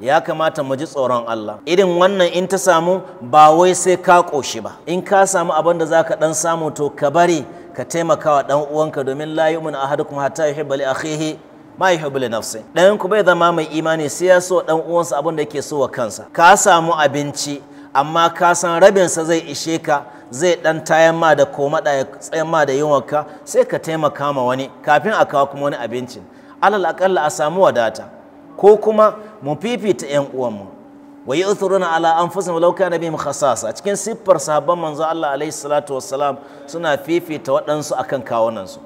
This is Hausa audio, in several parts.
ya kamata mu ji tsoron Allah irin wannan in ta samu ba wai sai ka ƙoshi ba in ka samu abin da zaka dan samu to ka bari ka taimakawa wa dan uwanka domin la yu'minu ahadukum hatta yuhibba li akhihi ma yuhibbu li nafsi dan ku bai zama mai imani sai ya so dan uwansa abin da yake so wa kansa ka samu abinci amma ka san rabinsa zai ishe ka zai dan tayan ma da koma da tsayan ma da yunwarka sai ka taimaka ma wani kafin a kawo kuma wani abincin alal akalla a samu wadata ko kuma mu fifita yan uwanmu wa yu'thiruna ala anfusihim law kana bihim khasasa a cikin siffar sahabban manzo Allah alaihi salatu wassalam suna fifita waɗansu akan kawunansu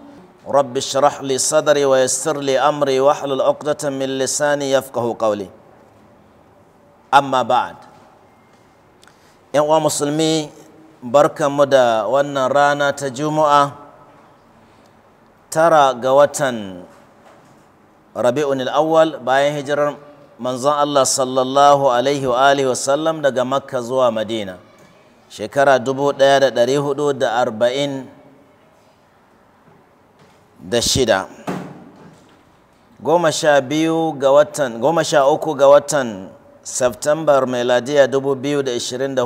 rabbi shrah li sadri wa yassir li amri wahlul 'uqdatan min lisani yafqahu qawli amma ba'd yan uwa musulmi barkanmu da wannan rana ta juma'a tara ga watan rabi'un al-awwal bayan hijirar manzon Allah sallallahu alaihi wa alihi wa sallam daga Makka zuwa Madina shekara 1440 da shida goma sha biyu ga watan goma sha uku ga watan Septembar meladiya 2024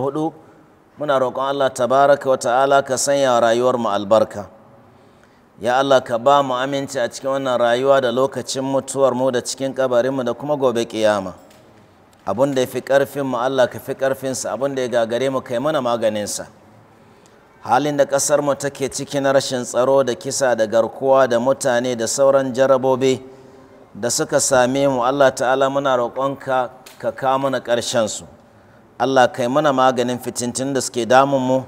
muna roƙon Allah tabaraka wa ta'ala ka sanya rayuwar mu albarka ya Allah ka ba mu aminci a cikin wannan rayuwa da lokacin mutuwar mu da cikin kabarinmu da kuma gobe kiyama abun da ya fi karfin mu Allah ka fi sa abun da ya gagare mu kai mana maganinsa halin da ƙasar mu take cikin na rashin tsaro da kisa da garkuwa da mutane da sauran jarabobi da suka same mu Allah ta'ala muna roƙonka ka ka mana su. Allah kai mana maganin fitintun da suke damun mu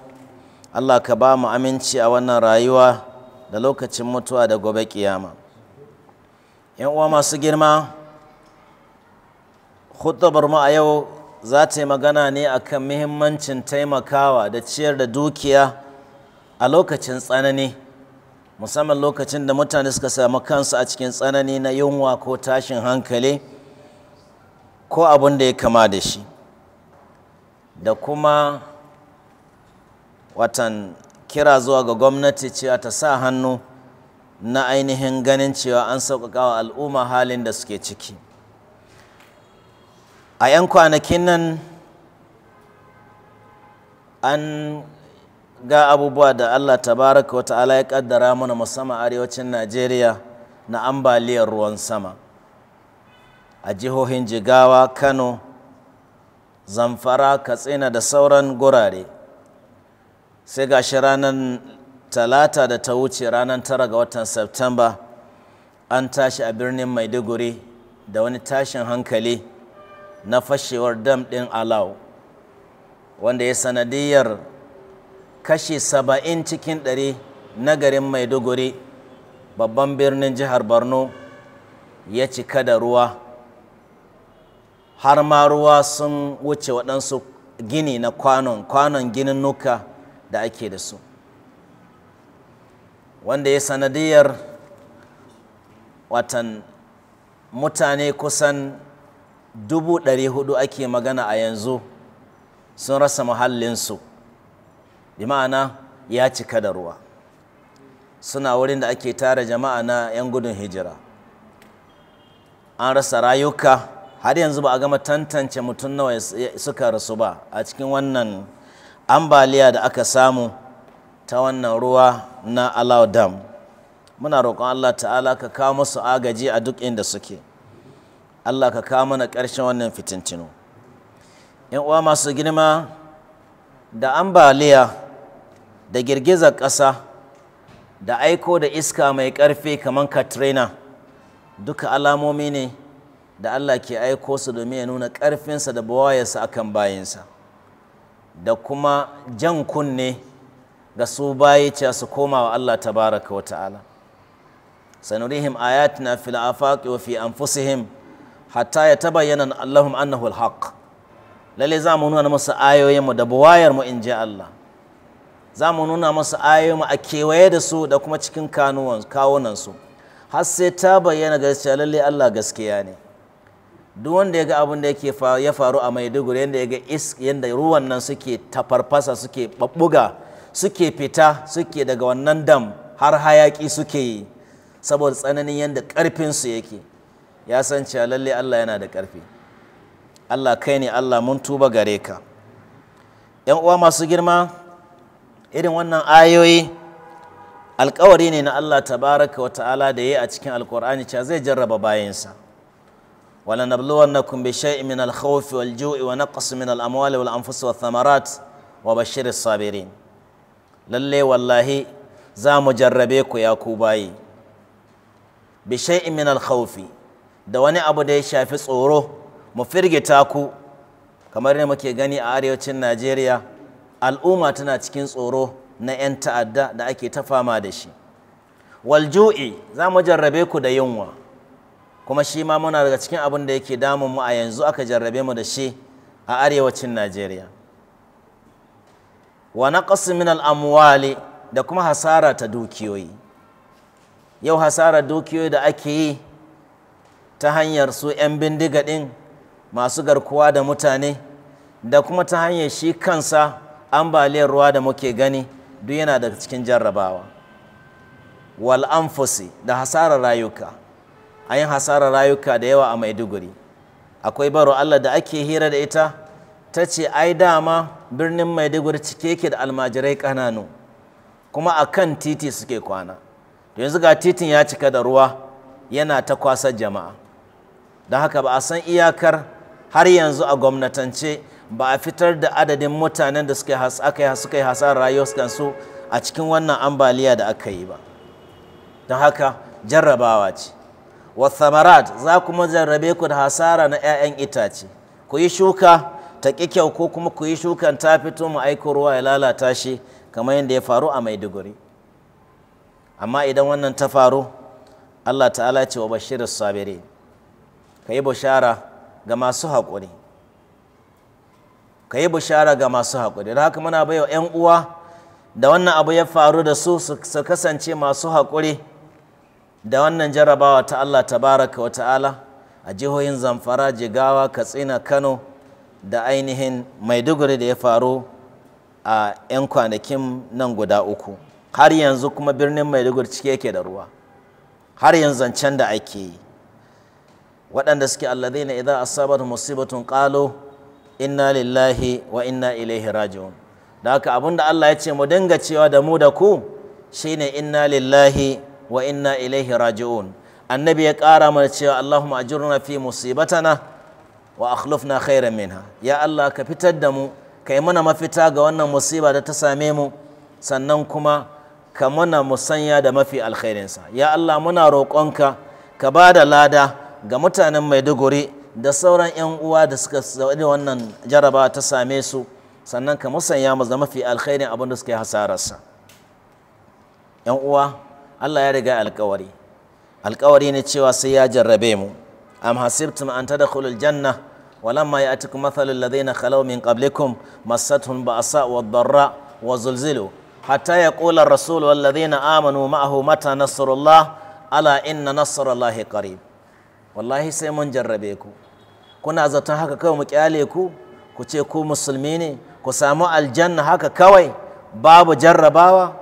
Allah ka ba mu aminci a wannan rayuwa da lokacin mutuwa da gobe kiyama yan uwa masu girma hutubar mu a yau za ta yi magana ne akan muhimmancin taimakawa da ciyar da dukiya a lokacin tsanani musamman lokacin da mutane suka samu kansu a cikin tsanani na yunwa ko tashin hankali ko abin da ya kama da shi da kuma watan kira zuwa ga gwamnati cewa ta sa hannu na ainihin ganin cewa an sauƙaƙa wa al'umma halin da suke ciki a 'yan kwanakin nan an ga abubuwa da allah tabaraka wa ta'ala ya ƙaddara mana musamman arewacin najeriya na ambaliyar ruwan sama a jihohin jigawa kano zamfara katsina da sauran gurare sai ga shi ranar talata da ta wuce ranar tara ga watan Septemba an tashi a birnin Maiduguri da wani tashin hankali na fashewar dam ɗin Alau wanda ya sanadiyar kashi saba'in cikin ɗari na garin Maiduguri babban birnin jihar Borno ya cika da ruwa har ma ruwa sun wuce waɗansu gini na kwanon kwanon ginin nuka da ake da su wanda ya sanadiyar watan mutane kusan dubu ɗari hudu ake magana a yanzu sun rasa muhallinsu bi ma'ana ya cika da ruwa suna wurin da ake tara jama'a na 'yan gudun hijira an rasa rayuka har yanzu ba a gama tantance mutum nawa suka rasu ba a cikin wannan ambaliya da aka samu ta wannan ruwa na Alau Dam. Muna roƙon Allah ta'ala ka kawo musu agaji a duk inda suke. Allah ka kawo mana ƙarshen wannan fitintinu. ‘Yan uwa masu girma da ambaliya da girgizar ƙasa da aiko da iska mai ƙarfi kamar Katrina duka alamomi ne da Allah ke aiko su domin ya nuna ƙarfinsa da a akan bayinsa. da kuma jan kunne ga su bayi cewa su koma wa Allah tabaraka wa ta'ala sanurihim ayatina fil afaqi wa fi anfusihim hatta ya yatabayyana Allahum annahu al-haq lalle za mu nuna musu ayoyin mu da buwayar mu in ji Allah za mu nuna musu ayoyin mu a kewaye da su da kuma cikin kawunan su har sai ta bayyana gaskiya lalle Allah gaskiya ne duk wanda ya ga abin da yake ya faru a maiduguri yadda ya ga yadda ruwan nan suke tafarfasa suke babbuga suke fita suke daga wannan dam har hayaki suke yi saboda tsananin yadda ƙarfinsu yake ya san cewa lalle allah yana da ƙarfi allah kai ne allah mun tuba gare ka yan uwa masu girma irin wannan ayoyi alkawari ne na allah tabaraka wa ta'ala da ya yi a cikin alkur'ani cewa zai jarraba bayansa ولنبلونكم بشيء من الخوف والجوع ونقص من الأموال والأنفس wa bashirin sabirin. للي wallahi za mu jarrabe ku ya ku bayi bi min al da wani abu da ya shafi tsoro mu firgita ku kamar ne muke gani a arewacin Najeriya al'umma tana cikin tsoro na 'yan ta'adda da ake ta fama da shi Waljui za mu jarrabe ku da yunwa kuma shi ma muna daga cikin abin da yake damun mu a yanzu aka jarrabe mu da shi a arewacin Najeriya wa naqas min al da kuma hasara ta dukiyoyi yau hasara dukiyoyi da ake yi ta hanyar su 'yan bindiga ɗin masu garkuwa da mutane da kuma ta hanyar shi kansa ambaliyar ruwa da muke gani duk yana daga cikin jarrabawa wal anfusi da hasarar rayuka an yi hasarar rayuka da yawa a maiduguri akwai baro allah da ake hira da ita ta ce ai dama birnin maiduguri cike yake da almajirai ƙananu kuma a kan titi suke kwana yanzu ga titin ya cika da ruwa yana ta kwasa jama'a don haka ba a san iyakar har yanzu a gwamnatance ba a fitar da adadin mutanen da suka yi rayuwar rayuwarsu a cikin wannan ambaliya da aka yi ba don haka jarrabawa ce wa za kuma jarrabe ku da hasara na 'ya'yan itace ku yi shuka ta ƙi kyau ko kuma ku yi shukan ta fito mu aiko ruwa ya lalata shi kamar yadda ya faru a maiduguri amma idan wannan ta faru allah ta'ala ce wa bashir sabiri ka yi bushara ga masu haƙuri ka yi bushara ga masu haƙuri da haka muna baiwa 'yan uwa da wannan abu ya faru da su su kasance masu haƙuri da wannan jarabawa ta Allah tabaraka wa ta'ala a jihohin Zamfara Jigawa Katsina Kano da ainihin Maiduguri da ya faru a 'yan kwanakin nan guda uku har yanzu kuma birnin Maiduguri cike yake da ruwa har yanzu can da ake yi waɗanda suke na idan asabar musibatun ƙalo inna lillahi wa inna ilaihi raji'un da haka abinda Allah ya ce mu dinga cewa da mu da ku shine inna lillahi wa inna ilaihi raji'un annabi ya ƙara mana cewa Allahumma ajurna fi musibatana wa akhlifna khairan minha ya Allah ka fitar da mu kai mana mafita ga wannan musiba da ta same mu sannan kuma ka mana musanya da mafi alkhairinsa ya Allah muna roƙonka ka ba da lada ga mutanen Maiduguri da sauran 'yan uwa da suka da wannan jaraba ta same su sannan ka musanya mu da mafi alkhairin abin da suka yi hasararsa 'yan uwa Allah ya riga alkawari alkawari ne cewa sai ya jarrabe mu am hasibtum an tadkhulul janna walamma ya'tikum mathalul Ladina khalaw min qablikum massatuhum ba'sa wad-dharra wa zulzilu hatta yaqula ar-rasul wal amanu ma'ahu mata nasrullah ala inna nasrallahi qarib wallahi sai mun jarrabe ku kuna zaton haka kawai mu kyale ku ku ce ku musulmi ne ku samu aljanna haka kawai babu jarrabawa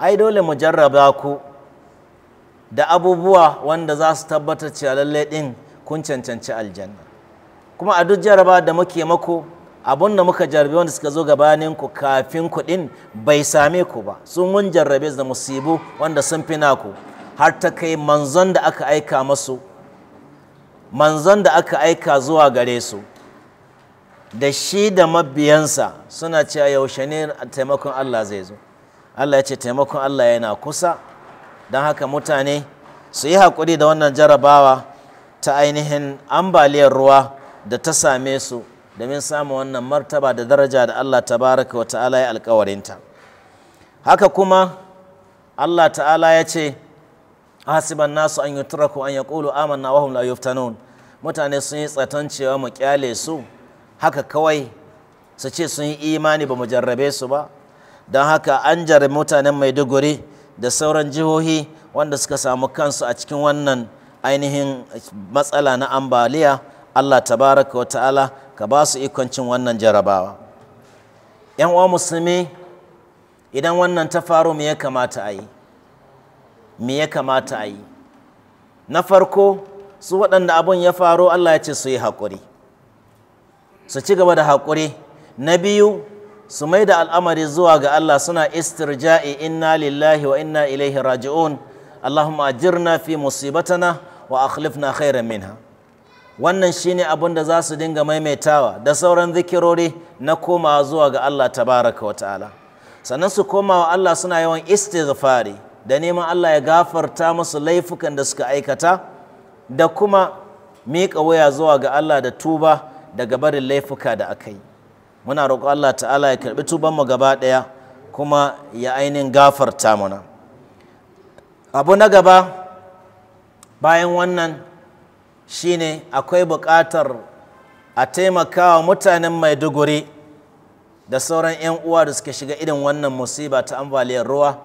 ai dole mu jarraba ku da abubuwa wanda za su tabbatar cewa lallai ɗin kun cancanci aljanna kuma a duk jarraba da muke mako abun da muka jarrabe wanda suka zo gabanin ku kafin ku din bai same ku ba sun mun jarrabe da musibu wanda sun fi naku har ta kai manzon da aka aika masu manzon da aka aika zuwa gare su da shi da mabiyansa suna cewa yaushe ne taimakon Allah zai zo Allah ya ce taimakon Allah yana kusa don haka mutane su yi haƙuri da wannan jarabawa ta ainihin ambaliyar ruwa da ta same su domin samun wannan martaba da daraja da Allah baraka wa ta'ala ya alkawarinta haka kuma Allah ta'ala ya ce hasiban nasu an yutraku an yaqulu amanna wa hum la yuftanun mutane sun yi tsaton cewa mu kyale su haka kawai su ce sun yi imani ba mu jarrabe su ba don haka an jari mutanen maiduguri da sauran jihohi wanda suka samu kansu a cikin wannan ainihin matsala na ambaliya allah tabaraka wa ta'ala ka ba su ikon wannan jarabawa yan uwa musulmi idan wannan ta faru me ya kamata a yi me ya kamata a yi na farko su waɗanda abun ya faru allah ya ce su yi haƙuri su ci gaba da haƙuri na biyu su mai da al'amari zuwa ga Allah suna istirja'i inna lillahi wa inna ilaihi raji'un Allahumma ajirna fi musibatana wa akhlifna khairan minha wannan shine abin da za su dinga maimaitawa da sauran zikirori na komawa zuwa ga Allah tabaraka wa ta'ala sannan su komawa Allah suna yawan istighfari da neman Allah ya gafarta musu laifukan da suka aikata da kuma miƙa waya zuwa ga Allah da tuba daga barin laifuka da aka yi muna roƙo Allah ta'ala ya karɓi tubanmu gaba ɗaya kuma ya ainihin gafarta mana abu na gaba bayan wannan shine akwai buƙatar a taimakawa mutanen maiduguri da sauran 'yan uwa da suka shiga irin wannan musiba ta ambaliyar ruwa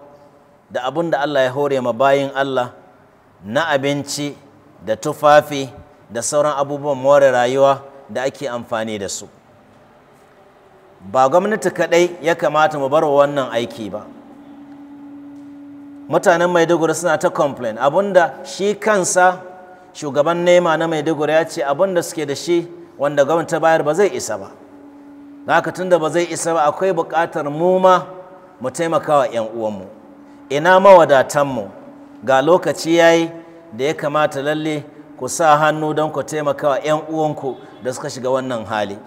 da abin da Allah ya hore ma bayin Allah na abinci da tufafi da sauran abubuwan more rayuwa da ake amfani da su ba gwamnati kaɗai ya kamata mu bar wannan aiki ba mutanen maiduguri suna ta complain abinda shi kansa shugaban nema na maiduguri ya ce abinda suke da shi wanda gwamnati bayar ba zai isa ba haka tunda ba zai isa ba akwai buƙatar mu ma mu taimaka wa 'yan uwanmu ina mawadatan mu ga lokaci yayi da ya kamata lalle ku sa hannu don ku taimaka wa 'yan uwanku da suka shiga wannan hali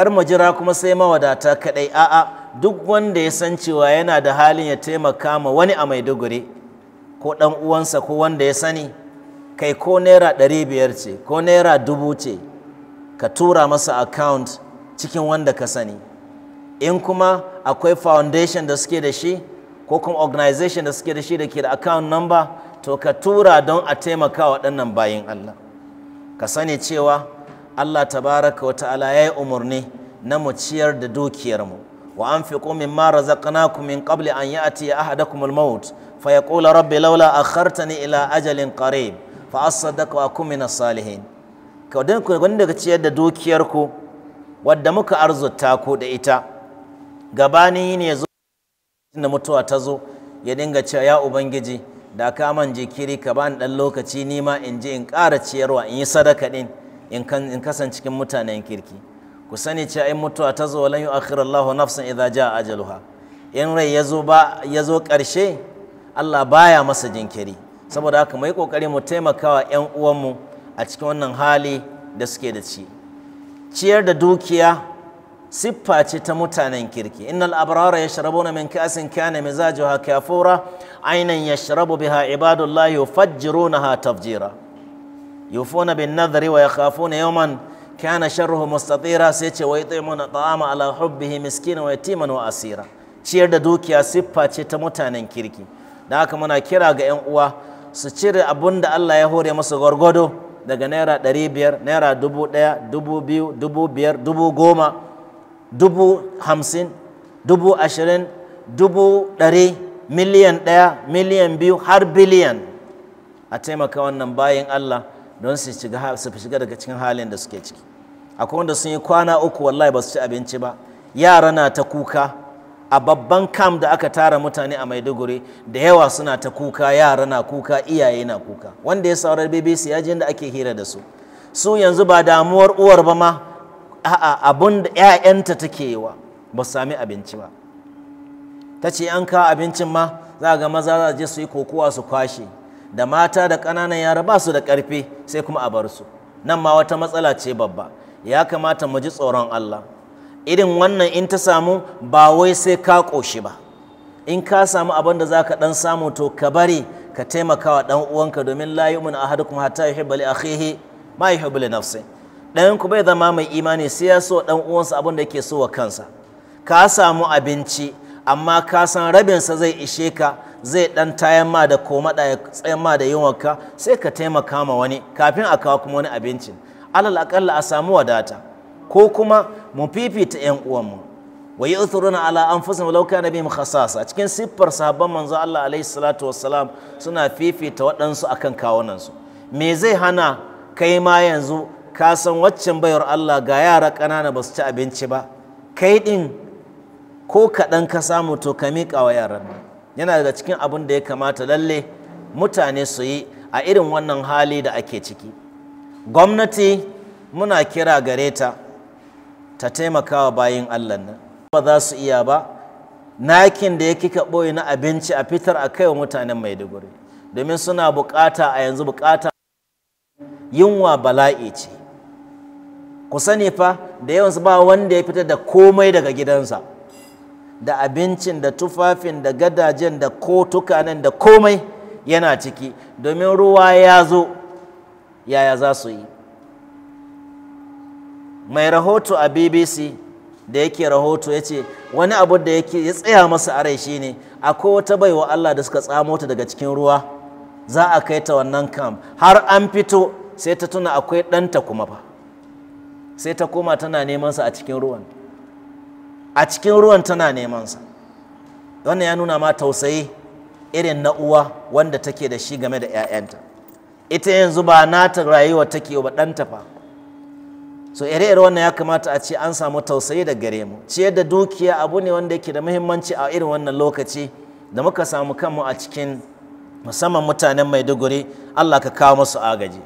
kar mu jira kuma sai mawadata kaɗai. a'a duk wanda ya san cewa yana da halin ya taimaka ma wani a maiduguri ko dan uwansa ko wanda ya sani kai ko naira ɗari biyar ce ko naira dubu ce ka tura masa account cikin wanda ka sani in kuma akwai foundation da suke da shi ko kuma organization da suke da shi da ke da account number to ka tura don a taimaka waɗannan bayin Allah ka sani cewa Allah tabaraka wa ta'ala ya yi umarni na mu ciyar da dukiyarmu wa an fi min mara zaƙanaku min ƙabli an yi ati ya ahada maut fa ya ƙola rabbi laula a ila ajalin ƙare fa a wa kumina salihin ka ku gwani daga ciyar da dukiyarku wadda muka arzuta ku da ita gabanin ne zo da mutuwa ta zo ya dinga cewa ya ubangiji da ka man jikiri ka bani ɗan lokaci nima in je in ƙara ciyarwa in yi sadaka ɗin in kasan cikin mutanen kirki ku sani cewa in mutuwa ta zo lan yu'akhir Allahu nafsan idza jaa ajaluha in rai yazo ba yazo karshe Allah baya masa jinkiri saboda haka mai yi kokari mu taimakawa ƴan uwanmu a cikin wannan hali da suke da ci ciyar da dukiya siffa ce ta mutanen kirki innal abrara yashrabuna min ka'sin kana mizajuha kafura aynan yashrabu biha ibadullahi yufajjirunaha tafjira yufuna bin nadari wa na yawman kana sharruhu mustatira sai ce wa yut'imuna ta'ama ala hubbihi miskina wa yatiman wa asira ciyar da dukiya siffa ce ta mutanen kirki da haka muna kira ga yan uwa su cire abun da Allah ya hore masu gwargwado daga naira ɗari biyar naira dubu ɗaya dubu biyu dubu biyar dubu goma dubu hamsin dubu ashirin dubu ɗari miliyan ɗaya miliyan biyu har biliyan a taimaka wannan bayan Allah don su shiga daga cikin halin da suke ciki akwai wanda sun yi kwana uku wallahi ba su ci abinci ba yara na ta kuka a babban kam da aka tara mutane a maiduguri da yawa suna ta kuka yara na kuka iyaye na kuka wanda ya saurar bbc ya ji da ake hira da su su yanzu ba damuwar uwar ba ma a'a abun da 'ya'yanta take yi wa ba su sami abinci ba ta ce an kawo abincin ma za a ga maza za je su yi kokowa su kwashe da mata da ƙananan yara ba su da ƙarfi sai kuma a bar su nan ma wata matsala ce babba ya kamata mu ji tsoron Allah irin wannan in ta samu ba wai sai ka ƙoshi ba in ka samu abin da za ka ɗan samu to ka bari ka taimaka wa ɗan uwanka domin mun ahadu kuma hatta yuhibba a khihi ma ya li nafsi ɗayan ku bai zama mai imani sai ya so ɗan uwansa abin da yake so wa kansa ka samu abinci amma ka san rabinsa zai ishe ka zai dan tayan ma da koma ya tsayan ma da yunwarka sai ka taimaka ma wani kafin a kawo kuma wani abincin alal akalla a samu wadata ko kuma mu fifita yan uwanmu wa yu'thiruna ala anfusihim law kana bihim khasasa cikin siffar sahabban manzo Allah alaihi salatu wassalam suna fifita waɗansu akan kawunansu me zai hana kai ma yanzu ka san waccan bayar Allah ga yara ƙanana ba su ci abinci ba kai ɗin ko kaɗan ka samu to ka miƙa wa yaran yana daga cikin abin da ya kamata lalle mutane su yi a irin wannan hali da ake ciki gwamnati muna kira gare ta ta taimakawa bayan allah nan ba za su iya ba nakin da ya kika ɓoye na abinci a fitar a kai wa mutanen maiduguri domin suna bukata a yanzu bukata yunwa bala'i ce ku sani fa da yawansu ba wanda ya fitar da komai daga gidansa da abincin da tufafin da gadajen da ko tukanen da komai yana ciki domin ruwa ya zo yaya za su yi mai rahoto a bbc da yake rahoto ya ce wani abu da yake ya tsaya masa a rai shine akwai wata baiwa allah da suka tsamo ta daga cikin ruwa za a kai ta wannan kam har an fito sai ta tuna akwai ɗanta kuma ba sai ta koma tana neman sa a cikin ruwan a cikin ruwan tana neman nemansa wannan ya nuna ma tausayi irin na uwa wanda take da shi game da 'ya'yanta ita yanzu ba nata rayuwa take ba ɗanta fa so ire-ire wannan ya kamata a ce an samu tausayi da gare mu ciyar da dukiya abu ne wanda yake da muhimmanci a irin wannan lokaci da muka samu kanmu a cikin musamman mutanen maiduguri allah ka kawo masu agaji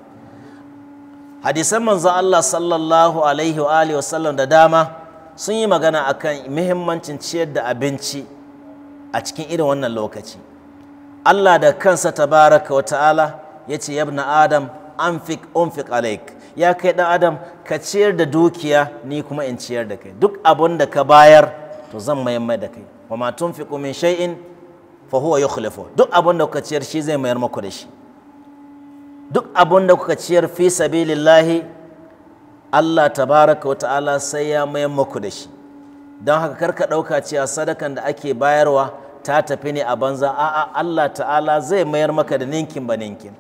hadisan manzo allah sallallahu alaihi wa alihi sallam da dama sun yi magana akan muhimmancin ciyar da abinci a cikin irin wannan lokaci Allah da kansa tabaraka wa ta'ala ya ce yabna adam anfik unfik alaik ya kai dan adam ka ciyar da dukiya ni kuma in ciyar da kai duk abin da ka bayar to zan mayammai da kai wa ma tunfiqu min shay'in fa huwa yukhlifu duk abin da kuka ciyar shi zai mayar maku da shi duk abin da kuka ciyar fi sabilillahi Allah tabaraka wa ta'ala sai ya mayan maku da shi don haka karka ɗauka cewa sadakan da ake bayarwa ta tafi ne a banza a'a Allah ta'ala zai mayar maka da ninkin ba ninkin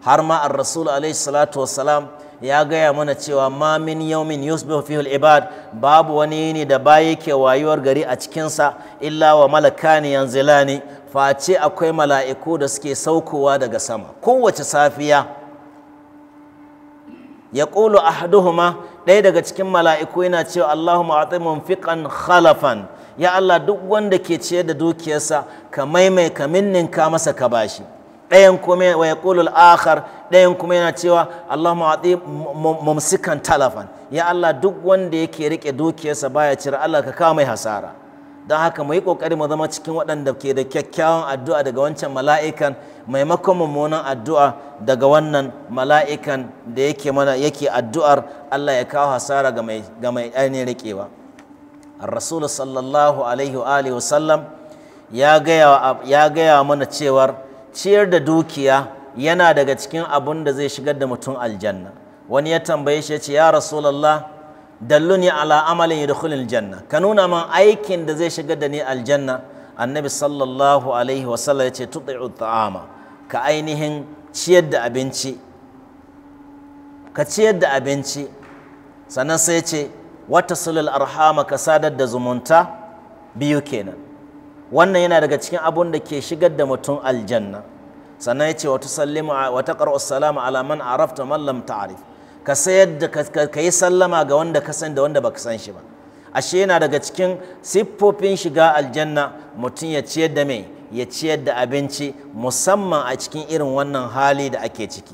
har ma ar rasul alaihi salatu wasalam ya gaya mana cewa ma min yawmin yusbihu ibad babu wani ne da ba yake wayuwar gari a cikinsa illa wa malakani yanzilani face akwai mala'iku da suke saukowa daga sama kowace safiya ya ƙulu ahaduhuma ɗaya daga cikin mala'iku yana cewa Allahumma tsaye munfiqan khalafan ya Allah duk wanda ke ciyar da dukiyarsa ka maimai ka minninka masa ka bashi ɗayan kuma wa ya ƙulu al’akar ɗayan kuma yana cewa Allahumma tsaye mumsikan talafan ya Allah duk wanda yake riƙe dukiyarsa baya cire Allah ka kawo mai hasara don haka mu yi ƙoƙari mu zama cikin waɗanda ke da kyakkyawan addu'a daga wancan mala'ikan maimakon mummunan addu'a daga wannan mala'ikan da yake mana yake addu'ar Allah ya kawo hasara ga mai ainihin riƙewa sallallahu alaihi wa alihi wa ya gaya wa mana cewar ciyar da dukiya yana daga cikin abun da zai shigar da mutum aljanna wani ya tambaye shi ya ce ya Rasulallah. dalluni ala amalin yadkhulul janna ka nuna man aikin da zai shigar da ni aljanna annabi sallallahu alaihi wa ya yace tuti'u ta'ama ka ainihin ciyar da abinci ka ciyar da abinci sannan sai ce wata sulul arhama ka sadar da zumunta biyu kenan wannan yana daga cikin abun da ke shigar da mutum aljanna sannan ya ce wata sallimu salama ala man arafta man lam ta'rif ka sayar da ka yi sallama ga wanda ka san da wanda baka san shi ba ashe yana daga cikin siffofin shiga aljanna mutum ya ciyar da mai ya ciyar da abinci musamman a cikin irin wannan hali da ake ciki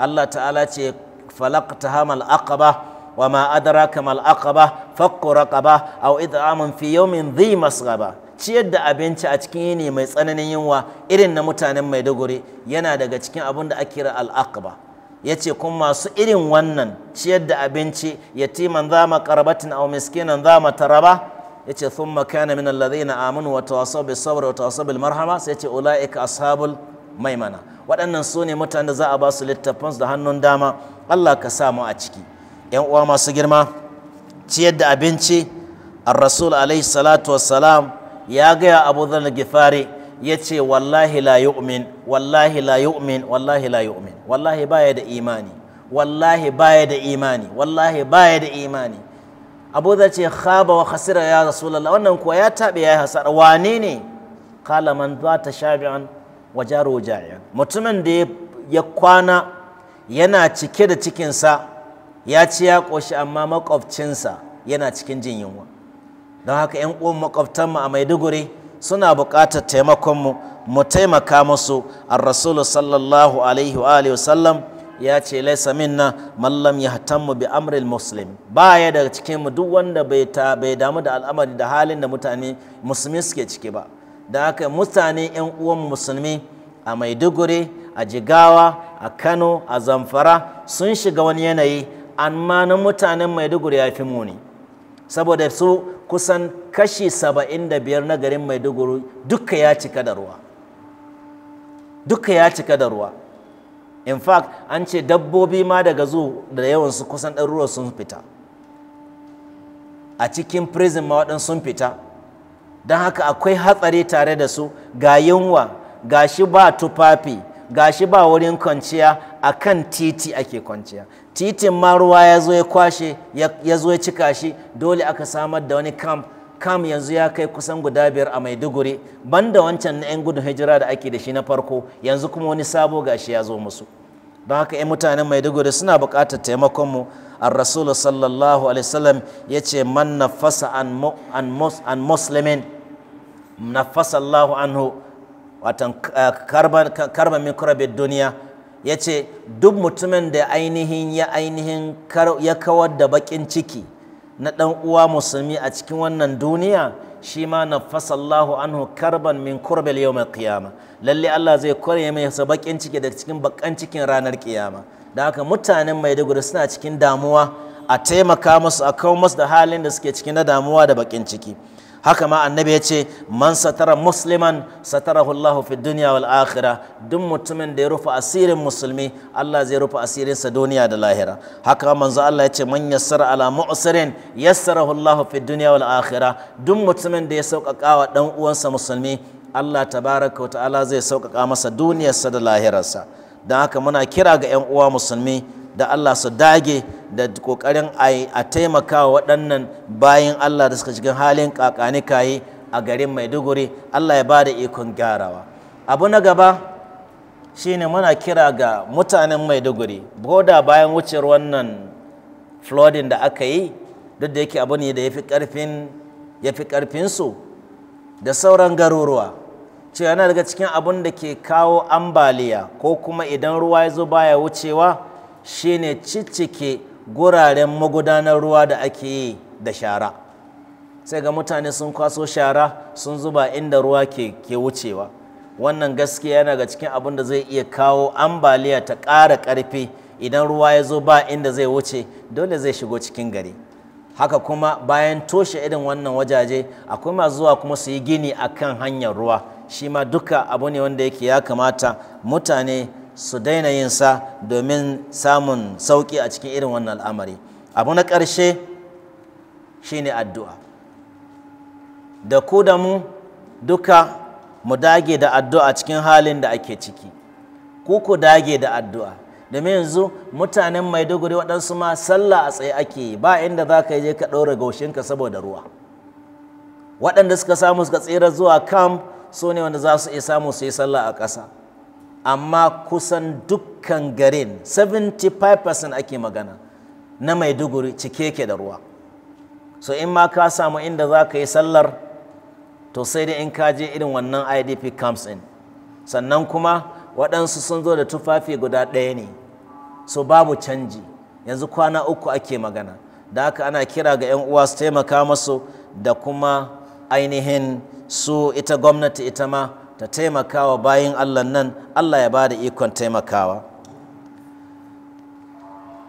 Allah ta'ala ce falaqtaha hamal aqaba wa ma adraka mal aqaba fakku raqaba aw id'amun fi yawmin dhi masghaba ciyar da abinci a cikin yini mai tsananin yunwa irin na mutanen Maiduguri yana daga cikin abin da ake kira al aqaba ya ce kuma masu irin wannan ciyar da abinci yatiman za ma karabatin au miskinan za ma taraba ya ce sun makana min na amanu wa tawasaw bis sabr wa tawasaw bil marhama sai ce ulaika ashabul maimana waɗannan su ne mutanen da za a ba su littafin da hannun dama Allah ka sa mu a ciki yan uwa masu girma ciyar da abinci ar-rasul alaihi salatu wassalam ya gaya abu dhar gifari ya ce wallahi la yu'min wallahi la yu'min wallahi la yu'min wallahi baya da imani wallahi baya da imani wallahi baya da imani abu da ce khaba wa khasira ya rasulullah wannan kuwa ya taɓe ya hasar wane ne kala man ta shabi'an wa jaru ja'ian mutumin da ya kwana yana cike da cikinsa ya ci ya ƙoshi amma makwabcinsa yana cikin jin yunwa don haka 'yan uwan makwabtanmu a maiduguri suna buƙatar taimakonmu mu taimaka musu ar-rasulu sallallahu alaihi wa alihi wasallam ya ce laisa minna mallam ya hatammu bi amril muslim baya daga cikin mu duk wanda bai bai damu da al'amari da halin da mutane musulmi suke ciki ba da haka mutane yan uwan musulmi a Maiduguri a Jigawa a Kano a Zamfara sun shiga wani yanayi amma na mutanen Maiduguri ya fi muni saboda su kusan kashi saba'in da biyar na garin maiduguri duka ya cika da ruwa duka ya cika da ruwa in fact an ce dabbobi ma daga zu da yawansu kusan ɗaruruwa sun fita a cikin prison ma waɗansu sun fita don haka akwai hatsari tare da su ga yunwa ga shi ba tufafi ga shi ba wurin kwanciya a kan titi ake kwanciya titin ma ruwa ya zo ya kwashe ya zo ya cika shi dole aka samar da wani camp kam yanzu ya kai kusan guda biyar a maiduguri banda wancan na 'yan gudun hijira da ake da shi na farko yanzu kuma wani sabo gashi ya zo musu don haka 'yan mutanen maiduguri suna buƙatar taimakonmu ar rasulu sallallahu alaihi wasallam ya ce man nafasa an muslimin nafasa allahu anhu watan eh, karban min kurabin duniya ya ce duk mutumin da ainihin ya ainihin ya kawar da baƙin ciki na ɗan uwa musulmi a cikin wannan duniya shi ma na nafasallahu anhu karban min kurbel yau mai kiyama lalle Allah zai kore mai sa bakin ciki da cikin bakan cikin ranar kiyama da haka mutanen maiduguri suna cikin damuwa a taimaka musu a kawo masu da halin da suke cikin na damuwa da bakin ciki haka ma annabi ya ce man satara musliman satarahu Allah fi dunya wal akhirah duk mutumin da ya rufe asirin musulmi Allah zai rufe asirin sa duniya da lahira haka manzo Allah ya ce man yassara ala mu'sirin yassarahu Allah fi dunya wal akhirah duk mutumin da ya sauƙaƙa wa dan uwansa musulmi Allah tabaraka wa ta'ala zai sauƙaƙa masa duniyarsa da lahirarsa Dan haka muna kira ga 'yan uwa musulmi da Allah su dage da kokarin a taimaka waɗannan bayan Allah da suka cikin halin kayi a garin Maiduguri Allah ya bada ikon gyarawa abu na gaba shine muna kira ga mutanen Maiduguri boda bayan wucewar wannan flooding da aka yi duk da yake abu ne da ya fi ƙarfinsu da sauran garuruwa cewa yana daga cikin abin da ke kawo ambaliya ko kuma idan ruwa ya zo baya wucewa Shi ne ciccike guraren magudanar ruwa da ake yi da shara sai ga mutane sun kwaso shara sun zuba inda ruwa ke, ke wucewa wannan gaskiya yana ga cikin abin da zai iya kawo ambaliya ta ƙara ƙarfi idan ruwa ya zo ba inda zai wuce dole zai shigo cikin gari haka kuma bayan toshe irin wannan wajaje akwai masu zuwa kuma su yi gini akan hanyar ruwa shi ma duka abu ne wanda yake ya kamata mutane su daina yin sa domin samun sauƙi a cikin irin wannan al'amari abu na ƙarshe shine addu'a da ku da mu duka mu dage da addu'a cikin halin da ake ciki ku ku dage da addu'a domin yanzu mutanen maiduguri waɗansu ma sallah a tsaye ake yi ba inda za ka je ka ɗora ka saboda ruwa waɗanda suka samu suka tsira zuwa kam su ne wanda za su iya samu su yi sallah a ƙasa amma kusan dukkan garin 75% ake magana na maiduguri cike ke da ruwa so in ma ka samu inda za ka yi sallar to sai dai in ka je irin wannan idp camps in sannan kuma waɗansu sun zo da tufafi guda ɗaya ne so babu canji yanzu kwana uku ake magana da haka ana kira ga 'yan uwa su taimaka masu da kuma ainihin su ita gwamnati ita ma ta taimakawa bayan Allah nan Allah ya ba da ikon taimakawa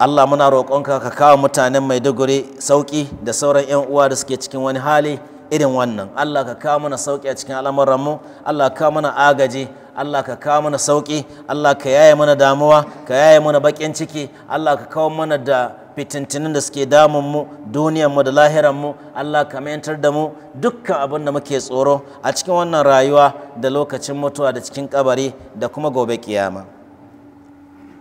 Allah muna roƙonka ka kawo mutanen Maiduguri sauƙi da sauran 'yan uwa da suke cikin wani hali irin wannan Allah ka kawo mana sauƙi a cikin al'amuranmu Allah ka kawo mana agaji Allah ka kawo mana sauƙi Allah ka yaye mana damuwa ka yaye mana baƙin ciki Allah ka kawo mana da fitintinin da suke damun mu duniyar mu da lahiran mu Allah ka mayantar da mu dukkan abin da muke tsoro a cikin wannan rayuwa da lokacin mutuwa da cikin kabari da kuma gobe kiyama